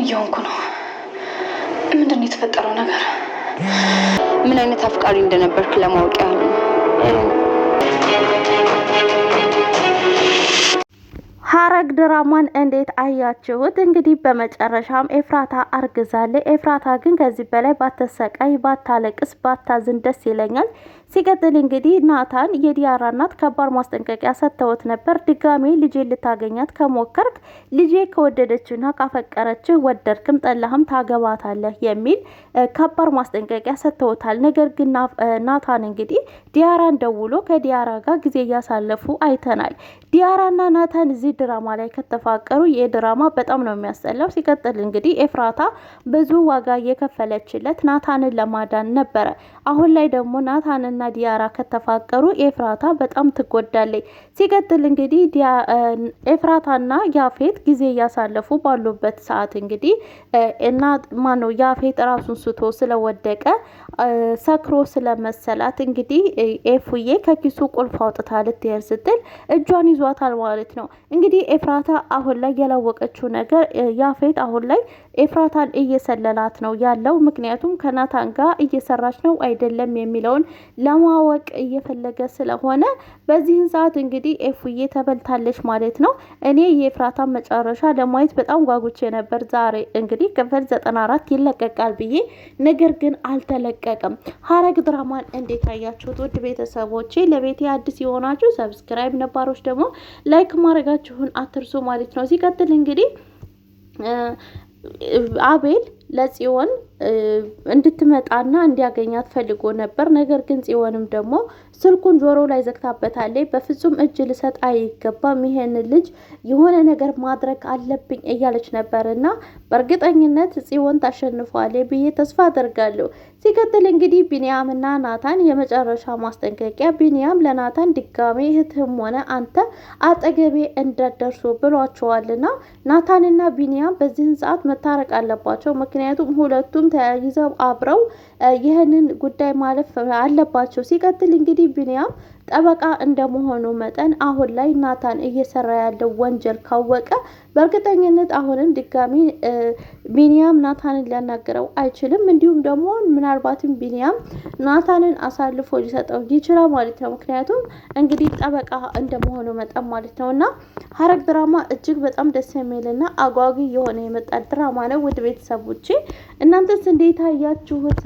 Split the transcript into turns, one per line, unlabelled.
ምን እየሆንኩ ነው? ምንድን የተፈጠረው ነገር? ምን አይነት አፍቃሪ እንደነበርክ ለማወቅ ያህል
ሐረግ ድራማን እንዴት አያችሁት? እንግዲህ በመጨረሻም ኤፍራታ አርግዛለች። ኤፍራታ ግን ከዚህ በላይ ባተሰቃይ፣ ባታለቅስ፣ ባታዝን ደስ ይለኛል። ሲቀጥል እንግዲህ ናታን የዲያራ እናት ከባድ ማስጠንቀቂያ ሰጥተውት ነበር። ድጋሜ ልጄ ልታገኛት ከሞከርክ ልጄ ከወደደችና ካፈቀረችው ወደድክም ጠላህም ታገባታለህ የሚል ከባድ ማስጠንቀቂያ ሰጥተውታል። ነገር ግን ናታን እንግዲህ ዲያራን ደውሎ ከዲያራ ጋር ጊዜ እያሳለፉ አይተናል። ዲያራና ናታን እዚህ ድራማ ላይ ከተፋቀሩ ይህ ድራማ በጣም ነው የሚያስጠላው። ሲቀጥል እንግዲህ ኤፍራታ ብዙ ዋጋ እየከፈለችለት ናታንን ለማዳን ነበረ። አሁን ላይ ደግሞ ናታንን እና ዲያራ ከተፋቀሩ ኤፍራታ በጣም ትጎዳለች። ሲቀጥል እንግዲህ ኤፍራታና ያፌት ጊዜ እያሳለፉ ባሉበት ሰዓት እንግዲህ እና ማነው ያፌት ራሱን ስቶ ስለወደቀ ሰክሮ ስለመሰላት እንግዲህ ኤፉዬ ከኪሱ ቁልፍ አውጥታ ልትሄድ ስትል እጇን ይዟታል ማለት ነው። እንግዲህ ኤፍራታ አሁን ላይ ያላወቀችው ነገር ያፌት አሁን ላይ ኤፍራታን እየሰለላት ነው ያለው። ምክንያቱም ከናታን ጋር እየሰራች ነው አይደለም የሚለውን ለማወቅ እየፈለገ ስለሆነ በዚህን ሰዓት እንግዲህ ኤፉዬ ተበልታለች ማለት ነው። እኔ የኤፍራታን መጨረሻ ለማየት በጣም ጓጉቼ ነበር። ዛሬ እንግዲህ ክፍል 94 ይለቀቃል ብዬ ነገር ግን አልተለቀቀም። ሀረግ ድራማን እንዴት አያችሁት? ውድ ቤተሰቦቼ ለቤቴ አዲስ የሆናችሁ ሰብስክራይብ፣ ነባሮች ደግሞ ላይክ ማድረጋችሁን አትርሱ ማለት ነው። ሲቀጥል እንግዲህ አቤል ለጽዮን እንድትመጣና እንዲያገኛት ፈልጎ ነበር። ነገር ግን ጽዮንም ደግሞ ስልኩን ጆሮ ላይ ዘግታበታለች። በፍጹም እጅ ልሰጥ አይገባም፣ ይሄን ልጅ የሆነ ነገር ማድረግ አለብኝ እያለች ነበር እና በእርግጠኝነት ጽዮን ታሸንፏለች ብዬ ተስፋ አደርጋለሁ። ሲቀጥል እንግዲህ ቢንያምና ናታን የመጨረሻ ማስጠንቀቂያ፣ ቢንያም ለናታን ድጋሜ እህትህም ሆነ አንተ አጠገቤ እንዳደርሱ ብሏቸዋልና ናታንና ቢንያም በዚህን ሰዓት መታረቅ አለባቸው። ምክንያቱም ሁለቱም ተያይዘው አብረው ይህንን ጉዳይ ማለፍ አለባቸው። ሲቀጥል እንግዲህ ቢኒያም ጠበቃ እንደመሆኑ መጠን አሁን ላይ ናታን እየሰራ ያለው ወንጀል ካወቀ በእርግጠኝነት አሁንም ድጋሚ ቢኒያም ናታንን ሊያናግረው አይችልም። እንዲሁም ደግሞ ምናልባትም ቢኒያም ናታንን አሳልፎ ሊሰጠው ይችላል ማለት ነው። ምክንያቱም እንግዲህ ጠበቃ እንደመሆኑ መጠን ማለት ነው እና ሀረግ ድራማ እጅግ በጣም ደስ የሚልና አጓጊ የሆነ የመጣ ድራማ ነው። ውድ ቤተሰቦቼ እናንተስ እንዴት አያችሁት?